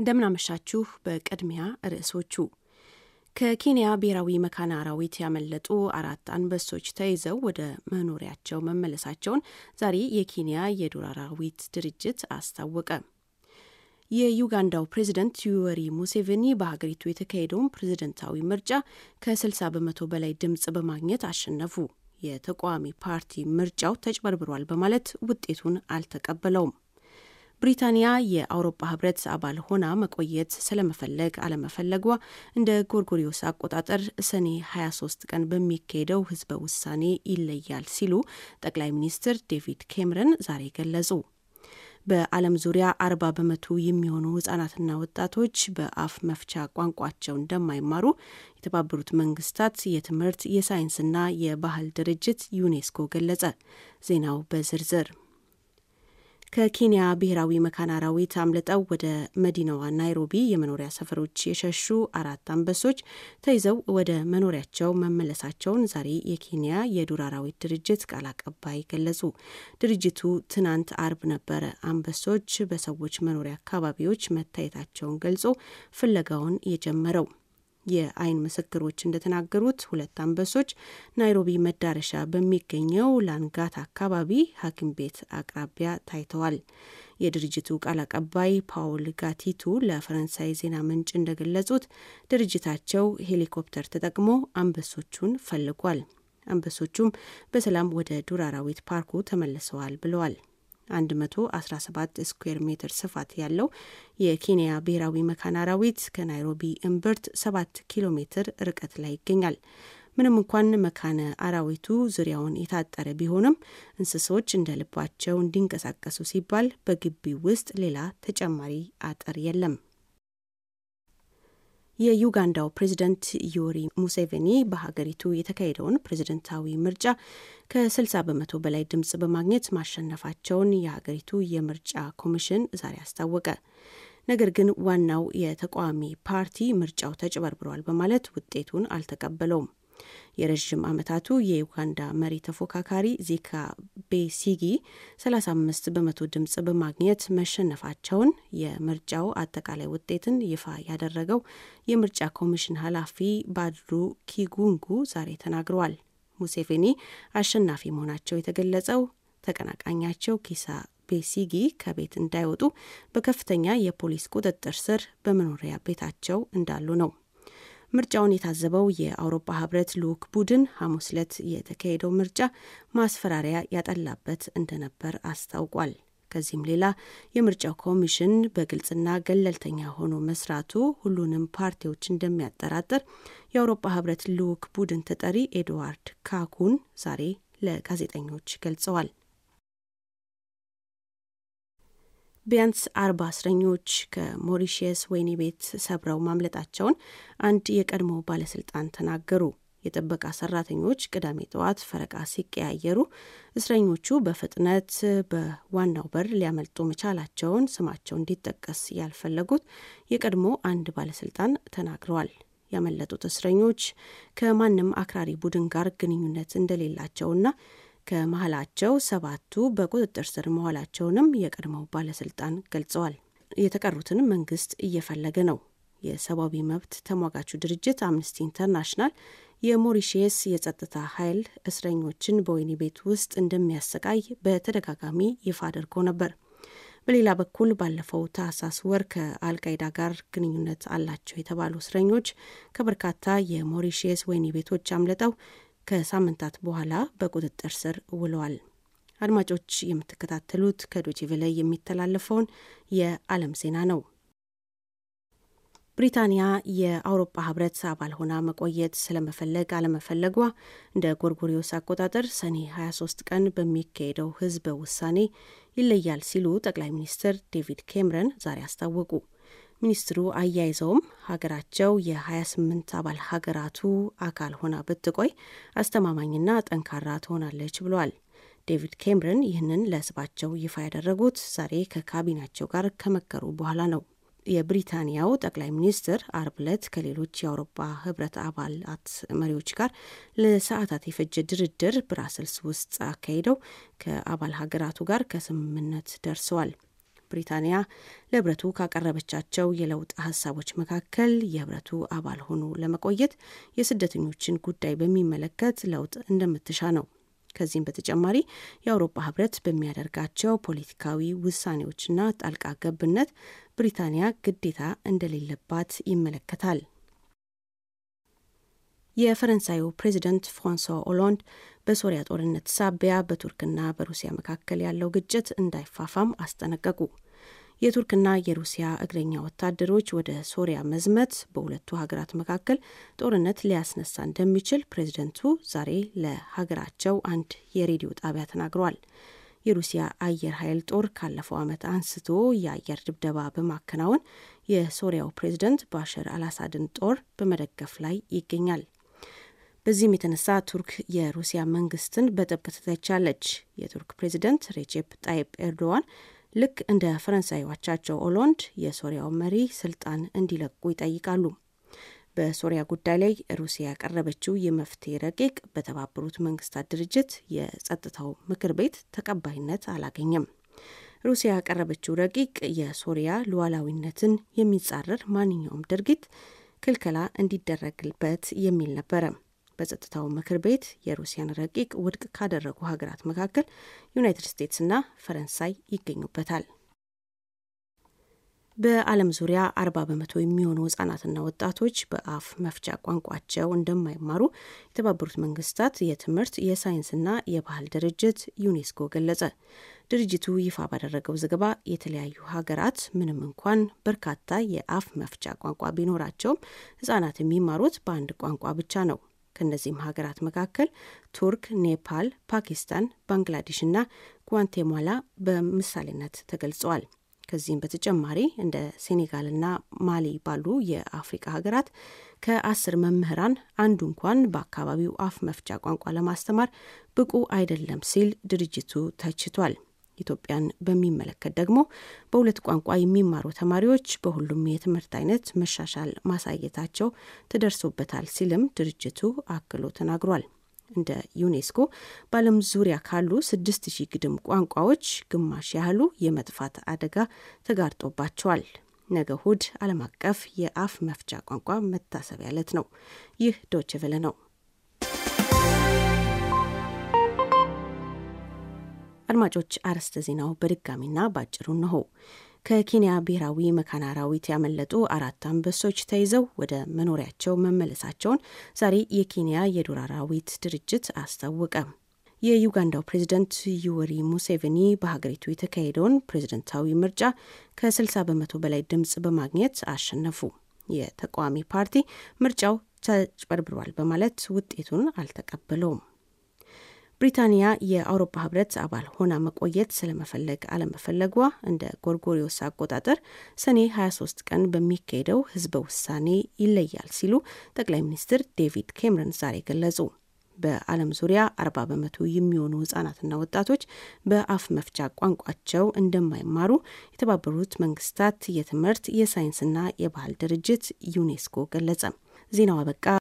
እንደምናመሻችሁ። በቅድሚያ ርዕሶቹ ከኬንያ ብሔራዊ መካነ አራዊት ያመለጡ አራት አንበሶች ተይዘው ወደ መኖሪያቸው መመለሳቸውን ዛሬ የኬንያ የዱር አራዊት ድርጅት አስታወቀ። የዩጋንዳው ፕሬዝደንት ዩወሪ ሙሴቬኒ በሀገሪቱ የተካሄደውን ፕሬዝደንታዊ ምርጫ ከ60 በመቶ በላይ ድምፅ በማግኘት አሸነፉ። የተቃዋሚ ፓርቲ ምርጫው ተጭበርብሯል በማለት ውጤቱን አልተቀበለውም። ብሪታንያ የአውሮፓ ህብረት አባል ሆና መቆየት ስለመፈለግ አለመፈለጓ እንደ ጎርጎሪዮስ አቆጣጠር ሰኔ 23 ቀን በሚካሄደው ህዝበ ውሳኔ ይለያል ሲሉ ጠቅላይ ሚኒስትር ዴቪድ ኬምረን ዛሬ ገለጹ። በዓለም ዙሪያ አርባ በመቶ የሚሆኑ ህጻናትና ወጣቶች በአፍ መፍቻ ቋንቋቸው እንደማይማሩ የተባበሩት መንግስታት የትምህርት የሳይንስና የባህል ድርጅት ዩኔስኮ ገለጸ። ዜናው በዝርዝር ከኬንያ ብሔራዊ መካነ አራዊት አምልጠው ወደ መዲናዋ ናይሮቢ የመኖሪያ ሰፈሮች የሸሹ አራት አንበሶች ተይዘው ወደ መኖሪያቸው መመለሳቸውን ዛሬ የኬንያ የዱር አራዊት ድርጅት ቃል አቀባይ ገለጹ። ድርጅቱ ትናንት አርብ ነበረ አንበሶች በሰዎች መኖሪያ አካባቢዎች መታየታቸውን ገልጾ ፍለጋውን የጀመረው። የአይን ምስክሮች እንደተናገሩት ሁለት አንበሶች ናይሮቢ መዳረሻ በሚገኘው ላንጋት አካባቢ ሐኪም ቤት አቅራቢያ ታይተዋል። የድርጅቱ ቃል አቀባይ ፓውል ጋቲቱ ለፈረንሳይ ዜና ምንጭ እንደገለጹት ድርጅታቸው ሄሊኮፕተር ተጠቅሞ አንበሶቹን ፈልጓል። አንበሶቹም በሰላም ወደ ዱር አራዊት ፓርኩ ተመልሰዋል ብለዋል። 117 ስኩዌር ሜትር ስፋት ያለው የኬንያ ብሔራዊ መካነ አራዊት ከናይሮቢ እምብርት 7 ኪሎ ሜትር ርቀት ላይ ይገኛል። ምንም እንኳን መካነ አራዊቱ ዙሪያውን የታጠረ ቢሆንም እንስሶች እንደ ልባቸው እንዲንቀሳቀሱ ሲባል በግቢው ውስጥ ሌላ ተጨማሪ አጥር የለም። የዩጋንዳው ፕሬዚደንት ዮሪ ሙሴቬኒ በሀገሪቱ የተካሄደውን ፕሬዝደንታዊ ምርጫ ከ60 በመቶ በላይ ድምጽ በማግኘት ማሸነፋቸውን የሀገሪቱ የምርጫ ኮሚሽን ዛሬ አስታወቀ። ነገር ግን ዋናው የተቃዋሚ ፓርቲ ምርጫው ተጭበርብሯል በማለት ውጤቱን አልተቀበለውም። የረዥም ዓመታቱ የዩጋንዳ መሪ ተፎካካሪ ዚካ ቤሲጊ 35 በመቶ ድምፅ በማግኘት መሸነፋቸውን የምርጫው አጠቃላይ ውጤትን ይፋ ያደረገው የምርጫ ኮሚሽን ኃላፊ ባድሩ ኪጉንጉ ዛሬ ተናግረዋል። ሙሴቬኒ አሸናፊ መሆናቸው የተገለጸው ተቀናቃኛቸው ኪሳ ቤሲጊ ከቤት እንዳይወጡ በከፍተኛ የፖሊስ ቁጥጥር ስር በመኖሪያ ቤታቸው እንዳሉ ነው። ምርጫውን የታዘበው የአውሮፓ ህብረት ልዑክ ቡድን ሐሙስ ዕለት የተካሄደው ምርጫ ማስፈራሪያ ያጠላበት እንደነበር አስታውቋል። ከዚህም ሌላ የምርጫው ኮሚሽን በግልጽና ገለልተኛ ሆኖ መስራቱ ሁሉንም ፓርቲዎች እንደሚያጠራጥር የአውሮፓ ህብረት ልዑክ ቡድን ተጠሪ ኤድዋርድ ካኩን ዛሬ ለጋዜጠኞች ገልጸዋል። ቢያንስ አርባ እስረኞች ከሞሪሽየስ ወህኒ ቤት ሰብረው ማምለጣቸውን አንድ የቀድሞ ባለስልጣን ተናገሩ። የጥበቃ ሰራተኞች ቅዳሜ ጠዋት ፈረቃ ሲቀያየሩ እስረኞቹ በፍጥነት በዋናው በር ሊያመልጡ መቻላቸውን ስማቸው እንዲጠቀስ ያልፈለጉት የቀድሞ አንድ ባለስልጣን ተናግረዋል። ያመለጡት እስረኞች ከማንም አክራሪ ቡድን ጋር ግንኙነት እንደሌላቸውና ከመሀላቸው ሰባቱ በቁጥጥር ስር መዋላቸውንም የቀድሞው ባለስልጣን ገልጸዋል። የተቀሩትን መንግስት እየፈለገ ነው። የሰብአዊ መብት ተሟጋቹ ድርጅት አምነስቲ ኢንተርናሽናል የሞሪሼስ የጸጥታ ኃይል እስረኞችን በወህኒ ቤት ውስጥ እንደሚያሰቃይ በተደጋጋሚ ይፋ አድርጎ ነበር። በሌላ በኩል ባለፈው ታህሳስ ወር ከአልቃይዳ ጋር ግንኙነት አላቸው የተባሉ እስረኞች ከበርካታ የሞሪሼስ ወህኒ ቤቶች አምልጠው ከሳምንታት በኋላ በቁጥጥር ስር ውለዋል። አድማጮች የምትከታተሉት ከዶችቬለ የሚተላለፈውን የዓለም ዜና ነው። ብሪታንያ የአውሮፓ ህብረት አባል ሆና መቆየት ስለመፈለግ አለመፈለጓ እንደ ጎርጎሪዮስ አቆጣጠር ሰኔ 23 ቀን በሚካሄደው ህዝበ ውሳኔ ይለያል ሲሉ ጠቅላይ ሚኒስትር ዴቪድ ኬምረን ዛሬ አስታወቁ። ሚኒስትሩ አያይዘውም ሀገራቸው የ28 አባል ሀገራቱ አካል ሆና ብትቆይ አስተማማኝና ጠንካራ ትሆናለች ብሏል። ዴቪድ ኬምረን ይህንን ለህዝባቸው ይፋ ያደረጉት ዛሬ ከካቢናቸው ጋር ከመከሩ በኋላ ነው። የብሪታንያው ጠቅላይ ሚኒስትር አርብ ዕለት ከሌሎች የአውሮፓ ህብረት አባላት መሪዎች ጋር ለሰዓታት የፈጀ ድርድር ብራስልስ ውስጥ አካሂደው ከአባል ሀገራቱ ጋር ከስምምነት ደርሰዋል። ብሪታንያ ለህብረቱ ካቀረበቻቸው የለውጥ ሀሳቦች መካከል የህብረቱ አባል ሆኖ ለመቆየት የስደተኞችን ጉዳይ በሚመለከት ለውጥ እንደምትሻ ነው። ከዚህም በተጨማሪ የአውሮፓ ህብረት በሚያደርጋቸው ፖለቲካዊ ውሳኔዎችና ጣልቃ ገብነት ብሪታንያ ግዴታ እንደሌለባት ይመለከታል። የፈረንሳዩ ፕሬዚደንት ፍራንሷ ኦሎንድ በሶሪያ ጦርነት ሳቢያ በቱርክና በሩሲያ መካከል ያለው ግጭት እንዳይፋፋም አስጠነቀቁ። የቱርክና የሩሲያ እግረኛ ወታደሮች ወደ ሶሪያ መዝመት በሁለቱ ሀገራት መካከል ጦርነት ሊያስነሳ እንደሚችል ፕሬዝደንቱ ዛሬ ለሀገራቸው አንድ የሬዲዮ ጣቢያ ተናግረዋል። የሩሲያ አየር ኃይል ጦር ካለፈው ዓመት አንስቶ የአየር ድብደባ በማከናወን የሶሪያው ፕሬዝደንት ባሻር አልአሳድን ጦር በመደገፍ ላይ ይገኛል። በዚህም የተነሳ ቱርክ የሩሲያ መንግስትን በጥብቅ ትተቻለች። የቱርክ ፕሬዚደንት ሬቼፕ ጣይብ ኤርዶዋን ልክ እንደ ፈረንሳይ ዋቻቸው ኦሎንድ የሶሪያው መሪ ስልጣን እንዲለቁ ይጠይቃሉ። በሶሪያ ጉዳይ ላይ ሩሲያ ያቀረበችው የመፍትሄ ረቂቅ በተባበሩት መንግስታት ድርጅት የጸጥታው ምክር ቤት ተቀባይነት አላገኘም። ሩሲያ ያቀረበችው ረቂቅ የሶሪያ ሉዓላዊነትን የሚጻረር ማንኛውም ድርጊት ክልከላ እንዲደረግበት የሚል ነበረ። በጸጥታው ምክር ቤት የሩሲያን ረቂቅ ውድቅ ካደረጉ ሀገራት መካከል ዩናይትድ ስቴትስና ፈረንሳይ ይገኙበታል። በዓለም ዙሪያ አርባ በመቶ የሚሆኑ ህጻናትና ወጣቶች በአፍ መፍቻ ቋንቋቸው እንደማይማሩ የተባበሩት መንግስታት የትምህርት የሳይንስና የባህል ድርጅት ዩኔስኮ ገለጸ። ድርጅቱ ይፋ ባደረገው ዘገባ የተለያዩ ሀገራት ምንም እንኳን በርካታ የአፍ መፍቻ ቋንቋ ቢኖራቸውም ህጻናት የሚማሩት በአንድ ቋንቋ ብቻ ነው። ከእነዚህም ሀገራት መካከል ቱርክ፣ ኔፓል፣ ፓኪስታን፣ ባንግላዴሽ እና ጓንቴማላ በምሳሌነት ተገልጸዋል። ከዚህም በተጨማሪ እንደ ሴኔጋል እና ማሊ ባሉ የአፍሪካ ሀገራት ከአስር መምህራን አንዱ እንኳን በአካባቢው አፍ መፍቻ ቋንቋ ለማስተማር ብቁ አይደለም ሲል ድርጅቱ ተችቷል። ኢትዮጵያን በሚመለከት ደግሞ በሁለት ቋንቋ የሚማሩ ተማሪዎች በሁሉም የትምህርት አይነት መሻሻል ማሳየታቸው ተደርሶበታል ሲልም ድርጅቱ አክሎ ተናግሯል። እንደ ዩኔስኮ በዓለም ዙሪያ ካሉ ስድስት ሺህ ግድም ቋንቋዎች ግማሽ ያህሉ የመጥፋት አደጋ ተጋርጦባቸዋል። ነገ እሁድ ዓለም አቀፍ የአፍ መፍቻ ቋንቋ መታሰቢያ ዕለት ነው። ይህ ዶችቨለ ነው። አድማጮች አርዕስተ ዜናው በድጋሚና በአጭሩ እነሆ። ከኬንያ ብሔራዊ መካነ አራዊት ያመለጡ አራት አንበሶች ተይዘው ወደ መኖሪያቸው መመለሳቸውን ዛሬ የኬንያ የዱር አራዊት ድርጅት አስታወቀ። የዩጋንዳው ፕሬዝደንት ዩወሪ ሙሴቬኒ በሀገሪቱ የተካሄደውን ፕሬዝደንታዊ ምርጫ ከ60 በመቶ በላይ ድምፅ በማግኘት አሸነፉ። የተቃዋሚ ፓርቲ ምርጫው ተጭበርብሯል በማለት ውጤቱን አልተቀበለውም። ብሪታንያ የአውሮፓ ህብረት አባል ሆና መቆየት ስለመፈለግ አለመፈለጓ እንደ ጎርጎሪዮስ አቆጣጠር ሰኔ 23 ቀን በሚካሄደው ህዝበ ውሳኔ ይለያል ሲሉ ጠቅላይ ሚኒስትር ዴቪድ ኬምረን ዛሬ ገለጹ። በዓለም ዙሪያ 40 በመቶ የሚሆኑ ህጻናትና ወጣቶች በአፍ መፍቻ ቋንቋቸው እንደማይማሩ የተባበሩት መንግስታት የትምህርት የሳይንስና የባህል ድርጅት ዩኔስኮ ገለጸ። ዜናው አበቃ።